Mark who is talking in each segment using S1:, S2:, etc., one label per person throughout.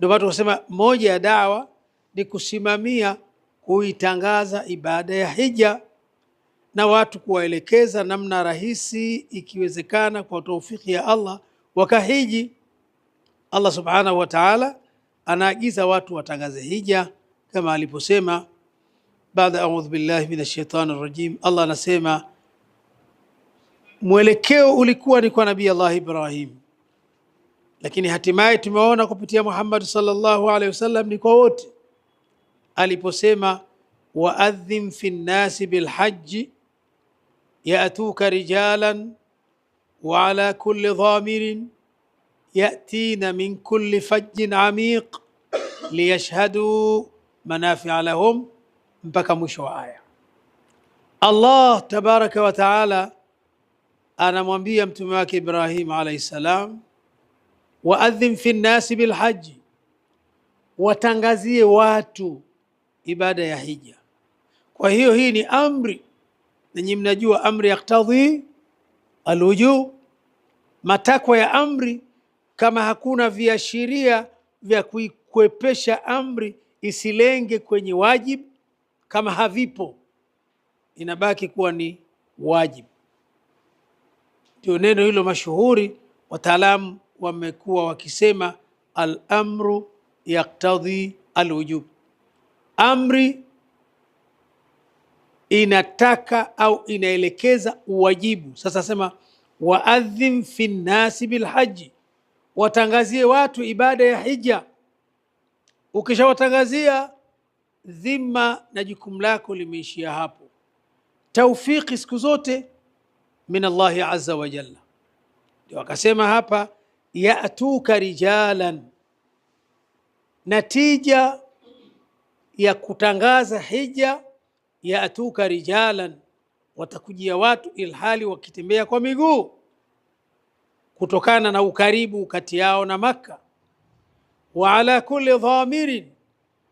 S1: Ndio watu wasema moja ya dawa ni kusimamia kuitangaza ibada ya hija na watu kuwaelekeza namna rahisi ikiwezekana, kwa taufiki ya Allah wakahiji. Allah subhanahu wa taala anaagiza watu watangaze hija kama aliposema baada, audhu billahi minash shaitani rajim. Allah anasema mwelekeo ulikuwa ni kwa Nabii Allah Ibrahim Lakini hatimaye tumeona kupitia Muhammad sallallahu alaihi wasallam ni kwa wote aliposema, waadhin fi nnasi bilhaji yatuka rijalan wa ala kulli dhamirin yatina min kulli fajjin amiq liyashhaduu manafia lahum, mpaka mwisho wa aya. Allah tabaraka wa taala anamwambia mtume wake Ibrahim alaihi salam waadhin fi nnasi bilhaji, watangazie watu ibada ya hija. Kwa hiyo hii ni amri, nanyi mnajua amri yaktadhi alwuju matakwa ya amri. Kama hakuna viashiria vya kuikwepesha amri isilenge kwenye wajibu, kama havipo inabaki kuwa ni wajibu. Ndio neno hilo mashuhuri wataalamu wamekuwa wakisema al-amru yaktadhi alwujub, amri inataka au inaelekeza uwajibu. Sasa sema waadhin fi nnasi bilhaji, watangazie watu ibada ya hija. Ukishawatangazia dhima na jukumu lako limeishia hapo. Taufiki siku zote min Allahi azza wa jalla, ndio akasema hapa yatuka rijalan, natija ya kutangaza hija, yatuka rijalan, watakujia watu ilhali wakitembea kwa miguu, kutokana na ukaribu kati yao na Makka. Wa ala kulli dhamirin,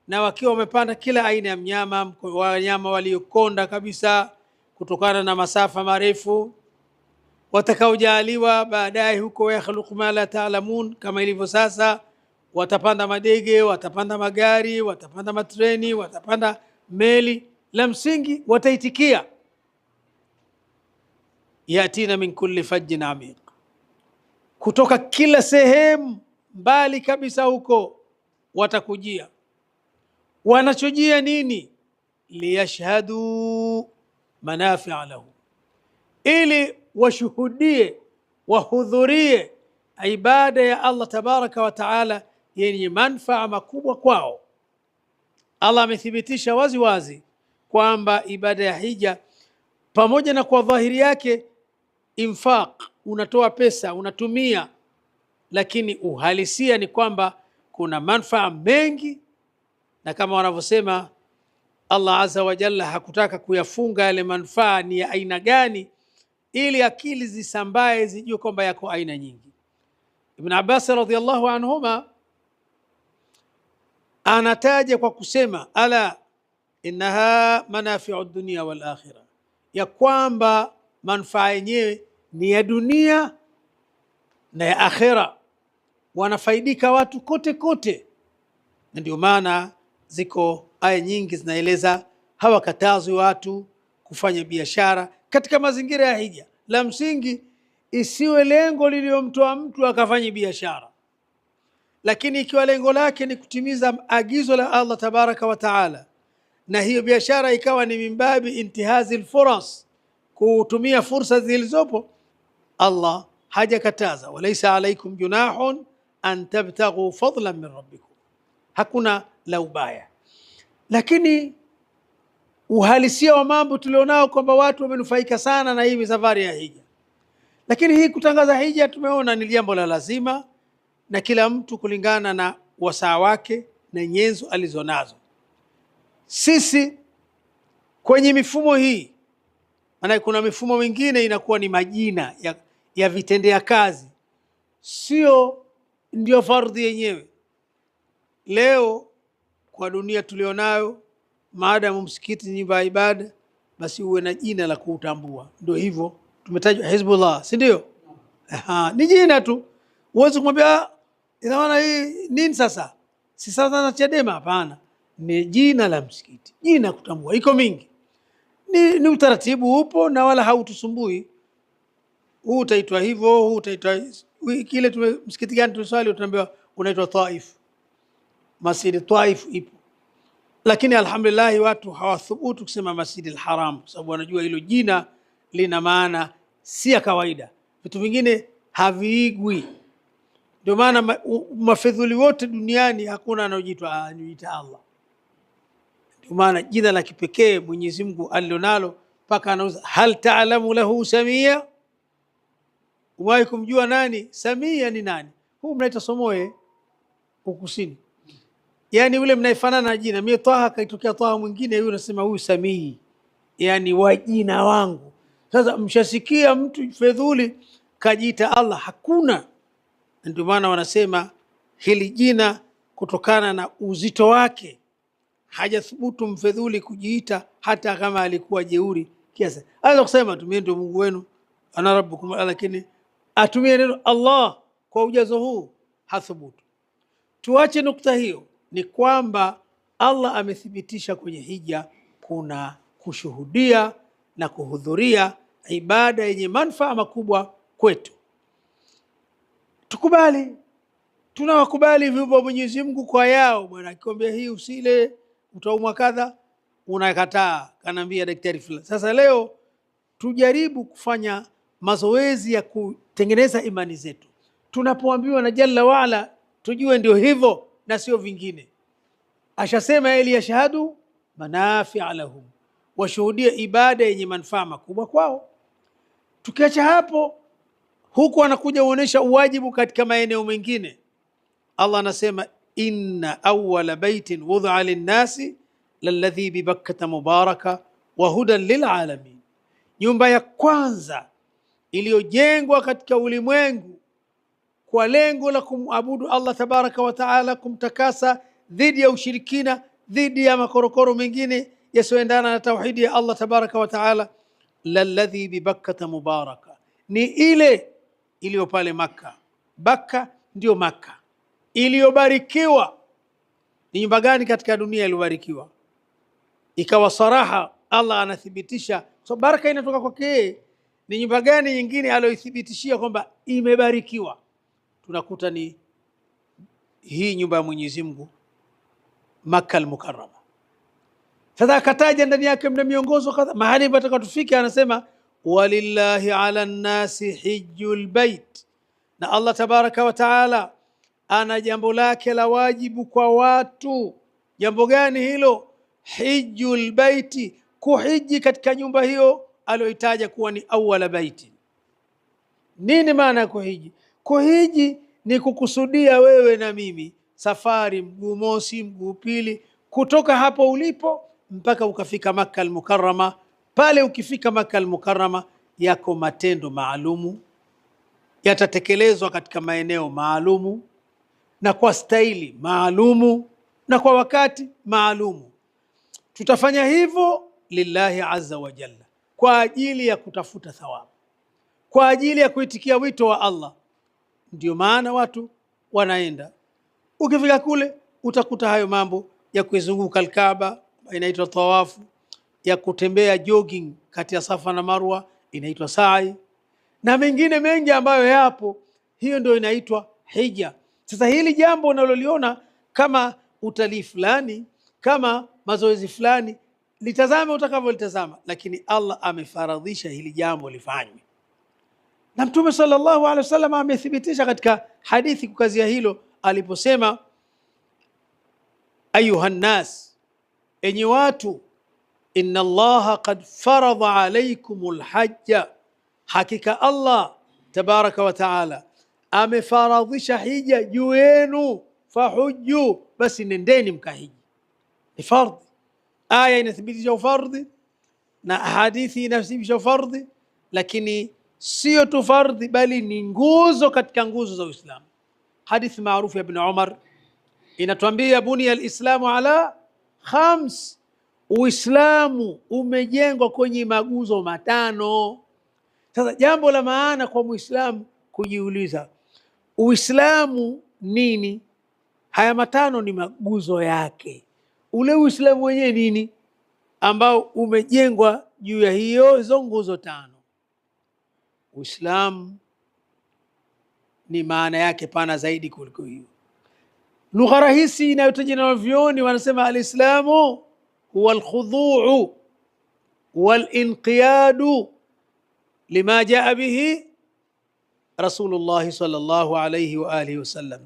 S1: na wakiwa wamepanda kila aina ya mnyama, wanyama waliokonda kabisa kutokana na masafa marefu watakaojaaliwa baadaye huko, yakhluqu ma la taalamun, kama ilivyo sasa. Watapanda madege, watapanda magari, watapanda matreni, watapanda meli. La msingi wataitikia yatina min kulli fajjin amiq, kutoka kila sehemu mbali kabisa huko watakujia. Wanachojia nini? liyashhadu manafia lahu, ili washuhudie, wahudhurie ibada ya Allah tabaraka wa taala yenye manfaa makubwa kwao. Allah amethibitisha wazi wazi kwamba ibada ya hija pamoja na kwa dhahiri yake infaq, unatoa pesa unatumia, lakini uhalisia ni kwamba kuna manfaa mengi, na kama wanavyosema Allah azza wa jalla hakutaka kuyafunga yale manfaa ni ya aina gani ili akili zisambae zijue kwamba yako aina nyingi. Ibn Abbas radhiallahu anhuma anataja kwa kusema ala innaha manafiu dunia wal akhira, ya kwamba manufaa yenyewe ni ya dunia na ya akhira wanafaidika watu kote kote. Na ndio maana ziko aya nyingi zinaeleza hawakatazwi watu kufanya biashara katika mazingira ya hija. La msingi isiwe lengo liliyomtoa mtu akafanye biashara, lakini ikiwa lengo lake ni kutimiza agizo la Allah tabaraka wa taala, na hiyo biashara ikawa ni mimbabi intihazi lfuras, kutumia fursa zilizopo, Allah hajakataza, walaisa alaikum junahun an tabtaghu fadlan min rabbikum, hakuna la ubaya, lakini uhalisia wa mambo tulionao kwamba watu wamenufaika sana na hivi safari ya hija. Lakini hii kutangaza hija tumeona ni jambo la lazima, na kila mtu kulingana na wasaa wake na nyenzo alizonazo. Sisi kwenye mifumo hii, maana kuna mifumo mingine inakuwa ni majina ya, ya vitendea kazi, sio ndio fardhi yenyewe. Leo kwa dunia tulionayo maadamu msikiti ni nyumba ya ibada, basi uwe na jina la kuutambua. Ndio hivyo tumetajwa Hizbullah, si ndio? Ni jina tu, uwezi kumwambia ah, ina maana hii nini sasa, si sasa na Chadema. Hapana, ni jina la msikiti, jina kutambua. Iko mingi, ni, ni utaratibu upo na wala hautusumbui. Huu utaitwa hivyo, huu utaitwa kile. Msikiti gani tuswali, tunaambiwa unaitwa Taif, masjidi Taif ipo lakini alhamdulillahi watu hawathubutu kusema Masjidil Haram kwa sababu wanajua hilo jina lina maana si ya kawaida, vitu vingine haviigwi. Ndio maana mafedhuli wote duniani hakuna anaojiita anaojiita Allah. Ndio maana jina la kipekee Mwenyezi Mungu alilonalo mpaka anauza hal taalamu lahu samia. Umewahi kumjua nani? Samia ni nani? Huu mnaita Somoe ukusini yani ule na jina, mie Twaha, kaitokea Twaha mwingine, huyu nasema huyu Samii, yani wa jina wangu. Sasa mshasikia mtu fedhuli kajiita Allah? Hakuna. Ndio maana wanasema hili jina kutokana na uzito wake hajathubutu mfedhuli kujiita hata kama alikuwa jeuri kiasi. Aweza kusema tu mimi ndio Mungu wenu ana rabbukum, lakini atumie neno Allah kwa ujazo huu hathubutu. Tuache nukta hiyo ni kwamba Allah amethibitisha kwenye hija kuna kushuhudia na kuhudhuria ibada yenye manufaa makubwa kwetu. Tukubali, tunawakubali viumbe Mwenyezi Mungu kwa yao. Bwana akikwambia hii usile, utaumwa kadha, unakataa, kanaambia daktari fulani. Sasa leo tujaribu kufanya mazoezi ya kutengeneza imani zetu, tunapoambiwa na Jalla waala tujue ndio hivyo na sio vingine. Ashasema yeye liyashhadu manafia lahum, washuhudie ibada yenye manufaa makubwa kwao. Tukiacha hapo, huku anakuja uonyesha uwajibu katika maeneo mengine. Allah anasema inna awala baitin wudhaa linnasi lalladhi bibakkata mubaraka wa hudan lilalamin, nyumba ya kwanza iliyojengwa katika ulimwengu kwa lengo la kumwabudu Allah tabaraka wa taala, kumtakasa dhidi ya ushirikina, dhidi ya makorokoro mengine yasiyoendana na tauhidi ya Allah tabaraka wa taala. Lalladhi bibakkata mubaraka, ni ile iliyo pale Makka. Bakka ndiyo Makka iliyobarikiwa. Ni nyumba gani katika dunia iliyobarikiwa? Ikawa saraha, Allah anathibitisha so baraka inatoka kwake. Ni nyumba gani nyingine aliyoithibitishia kwamba imebarikiwa? tunakuta ni hii nyumba ya Mwenyezi Mungu Makka al-Mukarrama. Sasa akataja ndani yake mna miongozo kadha, mahali pataka tufike, anasema walillahi ala nnasi hijjul bait, na Allah tabaraka wa taala ana jambo lake la wajibu kwa watu. Jambo gani hilo? Hijjul baiti, kuhiji katika nyumba hiyo aliyoitaja kuwa ni awala baiti. Nini maana ya kuhiji? Kuhiji ni kukusudia wewe na mimi safari, mguu mosi, mguu pili, kutoka hapo ulipo mpaka ukafika Makka Almukarama. Pale ukifika Makka Almukarama, yako matendo maalumu yatatekelezwa katika maeneo maalumu na kwa staili maalumu na kwa wakati maalumu. Tutafanya hivyo lillahi aza wajalla kwa ajili ya kutafuta thawabu, kwa ajili ya kuitikia wito wa Allah ndio maana watu wanaenda, ukifika kule utakuta hayo mambo ya kuizunguka lkaba inaitwa tawafu, ya kutembea jogging kati ya Safa na Marwa inaitwa sai, na mengine mengi ambayo yapo. Hiyo ndio inaitwa hija. Sasa hili jambo unaloliona kama utalii fulani, kama mazoezi fulani, litazame utakavyolitazama, lakini Allah amefaradhisha hili jambo lifanywe. na mtume sallallahu alaihi wasallam amethibitisha katika hadithi kukazia hilo aliposema ayuha nnas enyi watu inna allaha qad faradha alaikum lhaja hakika allah tabaraka wa taala amefaradhisha hija juu yenu fahuju basi nendeni mkahiji ni fardhi aya inathibitisha ufardhi na hadithi inathibitisha ufardhi lakini sio tu fardhi, bali ni nguzo katika nguzo za Uislamu. Hadithi maarufu ya Ibn Umar inatuambia buniya lislamu ala khams, Uislamu umejengwa kwenye maguzo matano. Sasa jambo la maana kwa Muislamu kujiuliza, Uislamu nini? Haya matano ni maguzo yake. Ule Uislamu wenyewe nini, ambao umejengwa juu ya hiyo hizo nguzo tano. Uislamu ni maana yake pana zaidi kuliko hiyo. Lugha rahisi inayotaja na wanavyuoni wanasema alislamu huwa alkhudhuu walinqiyadu lima jaa bihi Rasulullahi sallallahu alayhi wa alihi wasallam.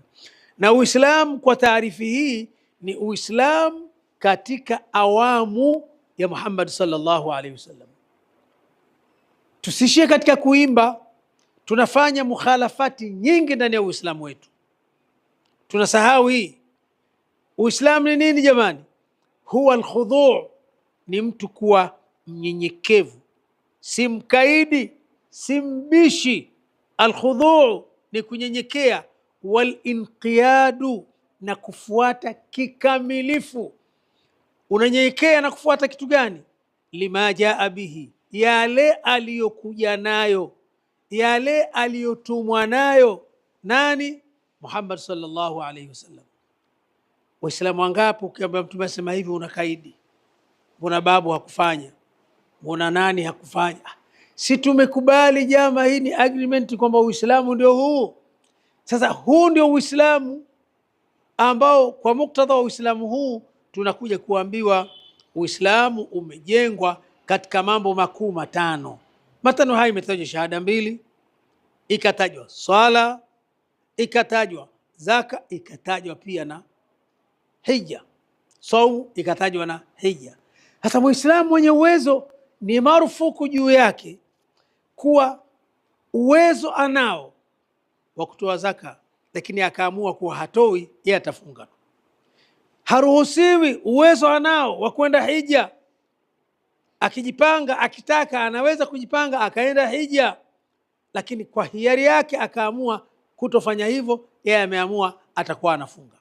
S1: Na Uislamu kwa taarifi hii ni Uislamu katika awamu ya Muhammad sallallahu alayhi wasallam. Tusiishie katika kuimba, tunafanya mukhalafati nyingi ndani ya Uislamu wetu, tunasahau hii. Uislamu ni nini jamani? Huwa alkhudhu, ni mtu kuwa mnyenyekevu, si mkaidi, si mbishi. Alkhudhu ni kunyenyekea, walinqiyadu na kufuata kikamilifu. Unanyenyekea na kufuata kitu gani? lima jaa bihi yale aliyokuja nayo, yale aliyotumwa nayo nani? Muhammad sallallahu alaihi wasallam. Waislamu wangapi ukiambia mtume asema hivi kaidi Mbona babu hakufanya? Mbona nani hakufanya? Si tumekubali jama, hii ni agreement kwamba Uislamu ndio huu. Sasa huu ndio Uislamu ambao kwa muktadha wa Uislamu huu tunakuja kuambiwa Uislamu umejengwa katika mambo makuu matano. Matano hayo imetajwa shahada mbili, ikatajwa swala, ikatajwa zaka, ikatajwa pia na hija, saumu ikatajwa na hija. Hasa Muislamu mwenye uwezo ni marufuku juu yake kuwa uwezo anao wa kutoa zaka, lakini akaamua kuwa hatoi, yeye atafunga. Haruhusiwi uwezo anao wa kwenda hija akijipanga, akitaka anaweza kujipanga akaenda hija, lakini kwa hiari yake akaamua kutofanya hivyo, yeye ameamua atakuwa anafunga.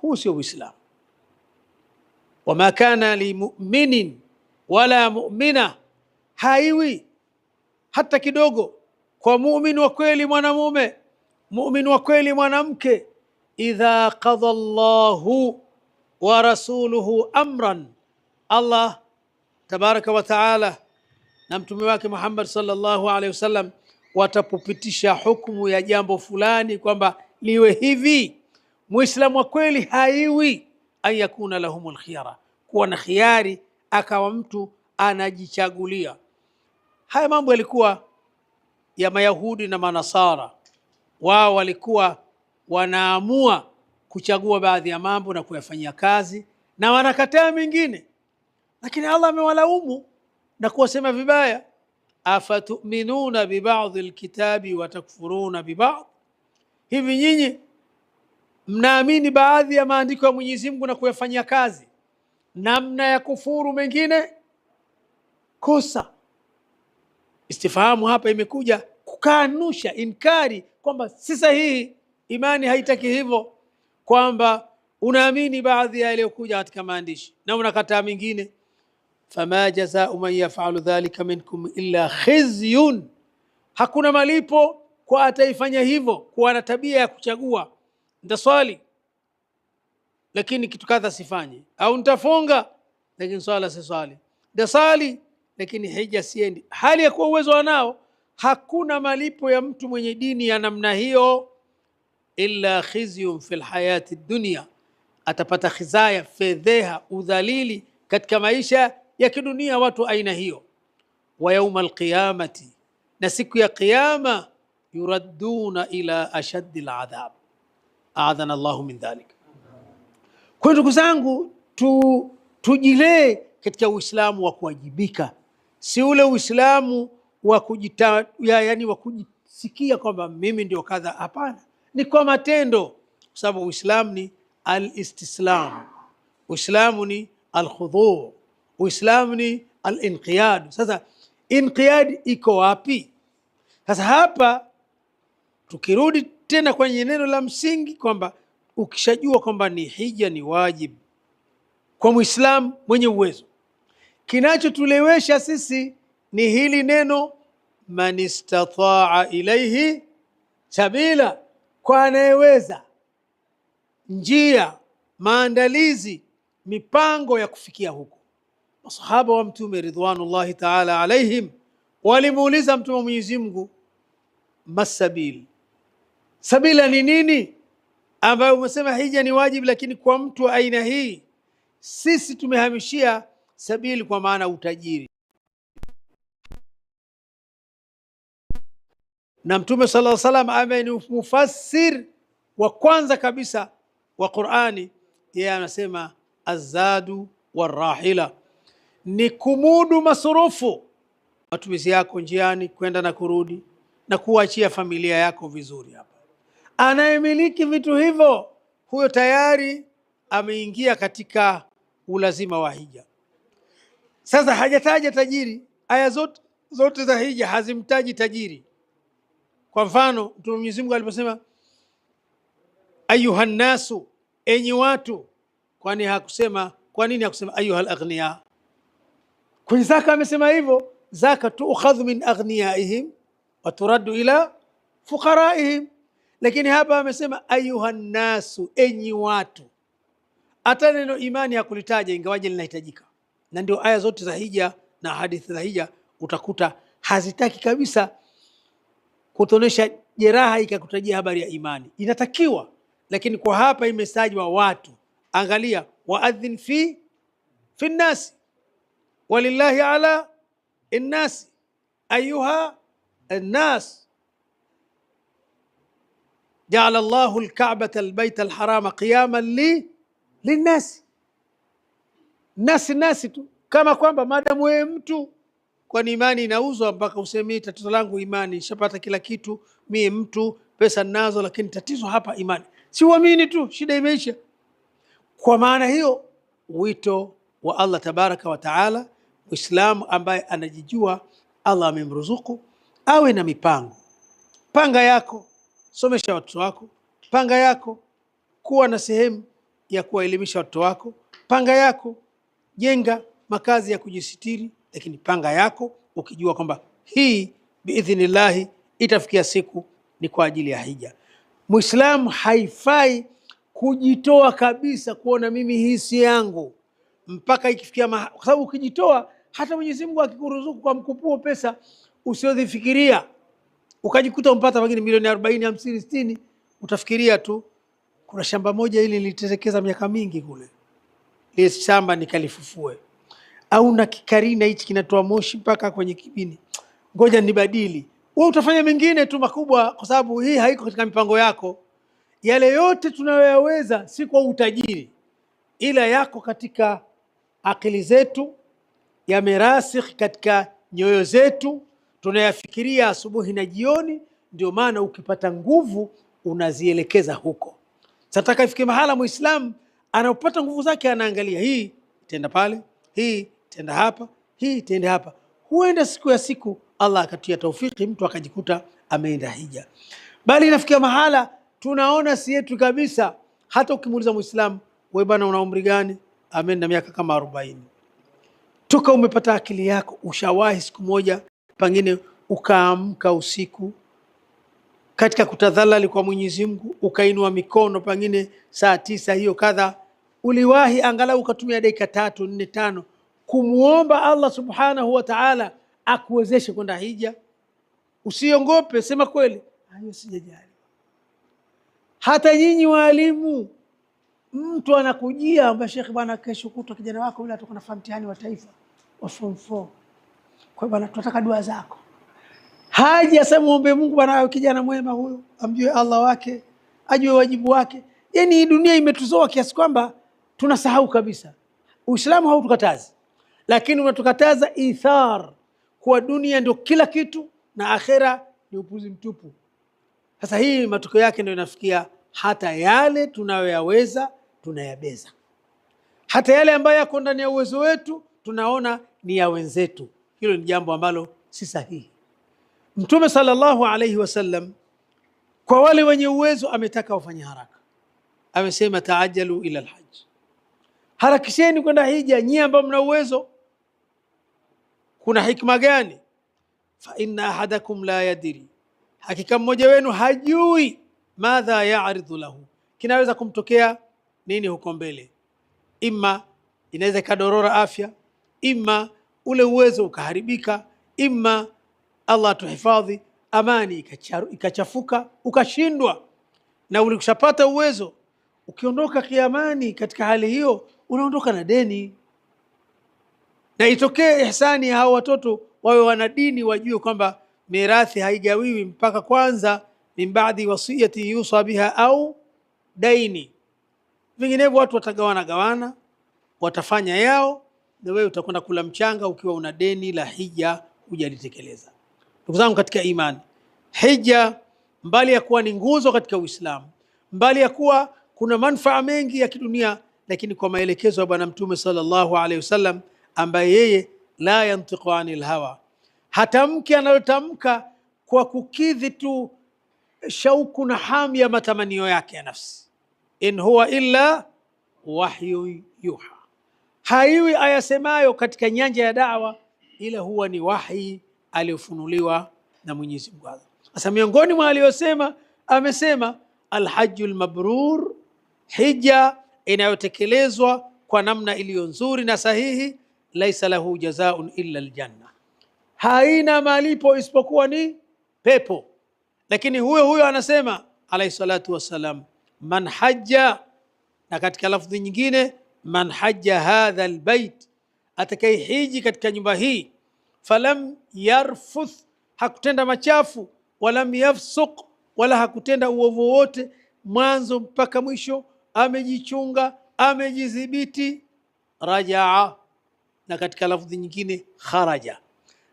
S1: Huu sio Uislamu. Wama kana limuminin wala mumina, haiwi hata kidogo kwa mumin wa kweli mwanamume, mumin wa kweli mwanamke, idha qadha llahu wa rasuluhu amran, Allah tabaraka wa taala na mtume wake Muhammad sallallahu alaihi wasallam watapopitisha hukumu ya jambo fulani kwamba liwe hivi, muislamu wa kweli haiwi an yakuna lahumul kuwa na khiari akawa mtu anajichagulia. Haya mambo yalikuwa ya Mayahudi na Manasara, wao walikuwa wanaamua kuchagua baadhi ya mambo na kuyafanyia kazi na wanakataa mengine lakini Allah amewalaumu na kuwasema vibaya, afatuminuna bibadhi lkitabi watakfuruna bibadhi, hivi nyinyi mnaamini baadhi ya maandiko ya Mwenyezi Mungu na kuyafanyia kazi namna ya kufuru mengine. Kosa istifahamu hapa imekuja kukanusha inkari, kwamba si sahihi, imani haitaki hivyo, kwamba unaamini baadhi ya yaliyokuja katika maandishi na unakataa mengine fama jazau man yafalu dhalika minkum illa khizyun, hakuna malipo kwa ataifanya hivyo, kuwa na tabia ya kuchagua ntaswali lakini kitu kadha sifanye, au ntafunga lakini swala swali ntasali lakini hija siendi, hali ya kuwa uwezo wanao. Hakuna malipo ya mtu mwenye dini ya namna hiyo, illa khizyun fil hayati dunia, atapata khizaya, fedheha, udhalili katika maisha ya kidunia watu aina hiyo. Wa yauma alqiyamati na siku ya qiyama, yuradduna ila ashaddi ladhab, adhana llahu min dhalik. Kwa ndugu zangu tu, tujilee katika Uislamu wa kuwajibika, si ule Uislamu wa kujita, yani wa kujisikia kwamba mimi ndio kadha. Hapana, ni kwa matendo, kwa sababu Uislamu ni alistislam, Uislamu ni alkhudhu Uislamu ni al-inqiyad. Sasa inqiyad iko wapi? Sasa hapa tukirudi tena kwenye neno la msingi kwamba ukishajua kwamba ni hija ni wajibu kwa Muislamu mwenye uwezo, kinachotulewesha sisi ni hili neno man istataa ilaihi sabila, kwa anayeweza njia, maandalizi, mipango ya kufikia huko masahaba wa Mtume ridwanullahi taala alaihim walimuuliza Mtume wa Mwenyezi Mungu, masabil, sabila ni nini? Ambayo umesema hija ni wajibu, lakini kwa mtu wa aina hii sisi tumehamishia sabili kwa maana utajiri. Na Mtume sallallahu alaihi wasallam ambaye ni mufassir wa kwanza kabisa wa Qurani, yeye anasema azadu warahila ni kumudu masurufu, matumizi yako njiani kwenda na kurudi, na kuachia familia yako vizuri. Hapa anayemiliki vitu hivyo, huyo tayari ameingia katika ulazima wa hija. Sasa hajataja tajiri, aya zote zote za hija hazimtaji tajiri. Kwa mfano, Mtume Mwenyezi Mungu aliposema ayuha nnasu, enyi watu, kwani hakusema? Kwa nini hakusema ayuha laghnia? kwenye zaka amesema hivyo, zaka tuukhadhu min aghniyaihim wa turaddu ila fuqaraihim. Lakini hapa amesema ayuha nnasu, enyi watu. Hata neno imani hakulitaja ingawaje linahitajika, na ndio aya zote za hija na hadithi za hija utakuta hazitaki kabisa kutonesha jeraha ikakutajia habari ya imani, inatakiwa lakini kwa hapa imesajwa watu. Angalia, waadhin fi fi nnasi walillahi ala innasi ayuha nnas jaala llahu lkabata albaita alharama qiyaman li linnasi nasi nasi tu, kama kwamba madamu weye mtu, kwani imani inauzwa mpaka usemi tatizo langu imani, ishapata kila kitu, mie mtu pesa nazo lakini tatizo hapa imani, si tu, shida imeisha. Kwa maana hiyo wito wa Allah tabaraka wataala Muislamu ambaye anajijua Allah amemruzuku awe na mipango. Panga yako, somesha watoto wako. Panga yako, kuwa na sehemu ya kuwaelimisha watoto wako. Panga yako, jenga makazi ya kujisitiri. Lakini panga yako ukijua kwamba hii biidhnillahi itafikia siku ni kwa ajili ya hija. Muislamu haifai kujitoa kabisa, kuona mimi hii si yangu mpaka ikifikia, kwa sababu ukijitoa hata Mwenyezi Mungu akikuruzuku kwa mkupuo pesa usiodhifikiria ukajikuta umpata pengine milioni arobaini, hamsini, sitini, utafikiria tu. Kuna shamba moja ili lilitekeza miaka mingi kule, ile shamba nikalifufue, au na kikarina hichi kinatoa moshi mpaka kwenye kibini, ngoja nibadili. Wewe utafanya mengine tu makubwa, kwa sababu hii haiko katika mipango yako. Yale yote tunayoyaweza si kwa utajiri, ila yako katika akili zetu yamerasikh katika nyoyo zetu, tunayafikiria asubuhi na jioni. Ndio maana ukipata nguvu unazielekeza huko. Sataka ifike mahala Muislamu anapopata nguvu zake anaangalia, hii tenda pale, hii tenda hapa, hii tenda hapa. Huenda siku ya siku Allah akatia taufiki, mtu akajikuta ameenda hija, bali inafikia mahala tunaona si yetu kabisa. Hata ukimuuliza mwislam we bana, una umri gani? Ameenda miaka kama arobaini toka umepata akili yako, ushawahi siku moja pengine ukaamka usiku katika kutadhalali kwa Mwenyezi Mungu, ukainua mikono pengine saa tisa hiyo kadha, uliwahi angalau ukatumia dakika tatu nne tano kumwomba Allah subhanahu wataala akuwezeshe kwenda hija? Usiongope, sema kweli, sijajali. Hata nyinyi waalimu, mtu anakujia ambaye, Shekhe bwana, kesho kutwa kijana wako yule atakuwa anafanya wa taifa wa form 4. Kwa bwana, tunataka dua zako. Haji asema muombe Mungu bwana, kijana mwema huyo, amjue Allah wake, ajue wajibu wake. Yaani dunia imetuzoa kiasi kwamba tunasahau kabisa. Uislamu hautukatazi, lakini unatukataza ithar, kuwa dunia ndio kila kitu na akhera ni upuzi mtupu. Sasa hii matokeo yake ndio inafikia hata yale tunayoyaweza tunayabeza, hata yale ambayo yako ndani ya uwezo wetu tunaona ni ya wenzetu. Hilo ni jambo ambalo si sahihi. Mtume sallallahu alaihi wasallam kwa wale wenye uwezo ametaka wafanye haraka, amesema taajalu ila lhaji, harakisheni kwenda hija nyie ambao mna uwezo. Kuna hikma gani? fa inna ahadakum la yadiri, hakika mmoja wenu hajui madha yaridhu lahu, kinaweza kumtokea nini huko mbele. Ima inaweza ikadorora afya ima ule uwezo ukaharibika, ima Allah tuhifadhi amani ikachafuka, ukashindwa na ulikushapata uwezo. Ukiondoka kiamani katika hali hiyo, unaondoka na deni, na itokee ihsani ya hao watoto wawe wana dini, wajue kwamba mirathi haigawiwi mpaka kwanza min baadhi wasiyati yusa biha au daini. Vinginevyo watu watagawana gawana, watafanya yao na wewe utakwenda kula mchanga ukiwa una deni la hija hujalitekeleza. Ndugu zangu katika imani, hija mbali ya kuwa ni nguzo katika Uislamu, mbali ya kuwa kuna manufaa mengi ya kidunia, lakini kwa maelekezo ya Bwana Mtume sallallahu alaihi wasallam ambaye yeye la yantiqu anil hawa, hatamki anayotamka kwa kukidhi tu shauku na hamu ya matamanio yake ya nafsi, in huwa illa wahyu yuha haiwi ayasemayo katika nyanja ya dawa, ila huwa ni wahi aliyofunuliwa na Mwenyezi Mungu Sasa miongoni mwa aliyosema amesema alhaju lmabrur, hija inayotekelezwa kwa namna iliyo nzuri na sahihi, laisa lahu jazaun illa ljanna, haina malipo isipokuwa ni pepo. Lakini huyo huyo anasema alaihi salatu wassalam, man haja, na katika lafdhi nyingine man haja hadha albayt, atakayehiji katika nyumba hii, falam yarfuth, hakutenda machafu, walam yafsuq, wala hakutenda uovu wowote mwanzo mpaka mwisho, amejichunga amejidhibiti, rajaa. Na katika lafdhi nyingine kharaja,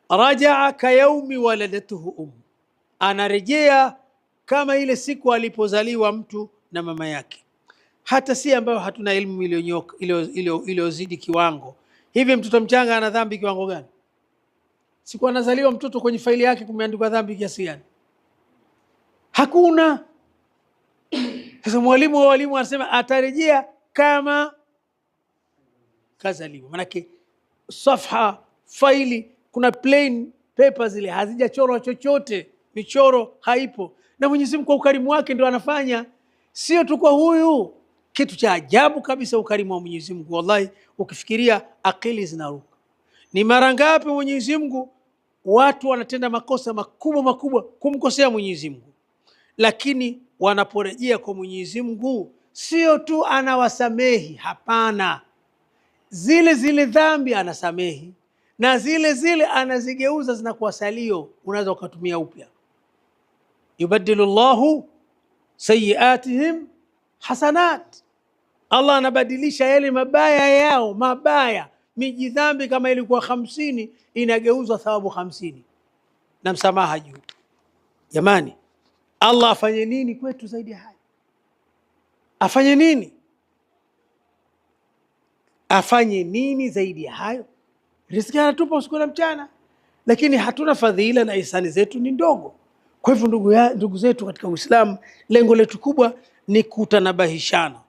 S1: rajaa kayaumi waladatuhu um, anarejea kama ile siku alipozaliwa mtu na mama yake hata si ambayo hatuna elimu iliyozidi kiwango. Hivi mtoto mchanga ana dhambi kiwango gani? Siku anazaliwa mtoto kwenye faili yake kumeandikwa dhambi kiasi gani? Hakuna. Sasa mwalimu wa walimu anasema atarejea kama kazaliwa, manake safha faili, kuna plain paper zile hazijachorwa chochote, michoro haipo, na Mwenyezi Mungu kwa ukarimu wake ndio anafanya, sio tu kwa huyu kitu cha ajabu kabisa, ukarimu wa Mwenyezi Mungu. Wallahi, ukifikiria akili zinaruka. Ni mara ngapi Mwenyezi Mungu watu wanatenda makosa makubwa makubwa kumkosea Mwenyezi Mungu, lakini wanaporejea kwa Mwenyezi Mungu sio tu anawasamehi, hapana, zile zile dhambi anasamehi na zile zile anazigeuza zinakuwa salio, unaweza ukatumia upya. yubadilu llahu sayiatihim hasanat, Allah anabadilisha yale mabaya yao mabaya, miji dhambi kama ilikuwa hamsini inageuzwa thawabu hamsini na msamaha juu. Jamani, Allah afanye nini kwetu zaidi ya haya? Afanye nini? Afanye nini zaidi ya hayo? Riziki anatupa usiku na mchana, lakini hatuna fadhila na ihsani zetu ni ndogo. Kwa hivyo, ndugu, ndugu zetu katika Uislamu, lengo letu kubwa ni kutanabahishana,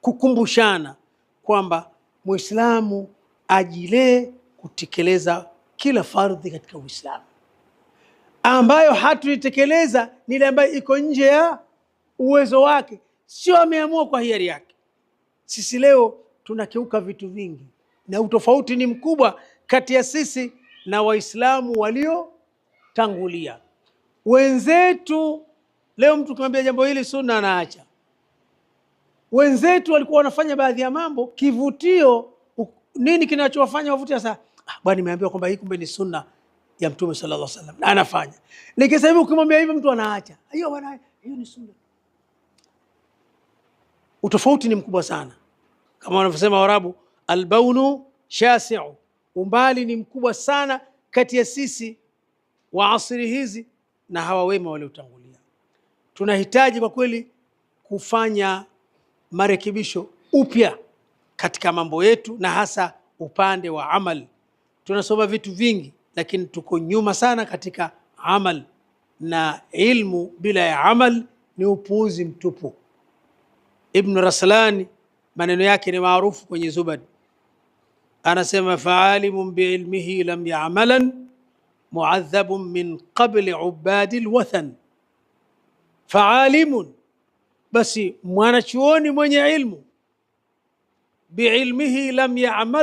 S1: kukumbushana kwamba Muislamu ajilee kutekeleza kila fardhi katika Uislamu. Ambayo hatuitekeleza ni ile ambayo iko nje ya uwezo wake, sio ameamua kwa hiari yake. Sisi leo tunakiuka vitu vingi, na utofauti ni mkubwa kati ya sisi na Waislamu waliotangulia wenzetu. Leo mtu kimwambia jambo hili sunna, anaacha wenzetu walikuwa wanafanya baadhi ya mambo kivutio. Nini kinachowafanya wavuti Sasa ah, bwana, nimeambiwa kwamba hii kumbe ni sunna ya Mtume sallallahu alaihi wasallam na anafanya. Nikisema hivi, ukimwambia hivyo mtu anaacha hiyo, bwana, hiyo ni sunna. Utofauti ni mkubwa sana, kama wanavyosema warabu albaunu shasiu, umbali ni mkubwa sana kati ya sisi wa asiri hizi na hawa wema waliotangulia. Tunahitaji kwa kweli kufanya marekebisho upya katika mambo yetu na hasa upande wa amal. Tunasoma vitu vingi, lakini tuko nyuma sana katika amal, na ilmu bila ya amal ni upuuzi mtupu. Ibnu Raslani maneno yake ni maarufu kwenye Zubad, anasema faalimun biilmihi lam yamalan muadhabun min qabli ubadi lwathan faalimun basi mwanachuoni mwenye ilmu biilmihi lam yamal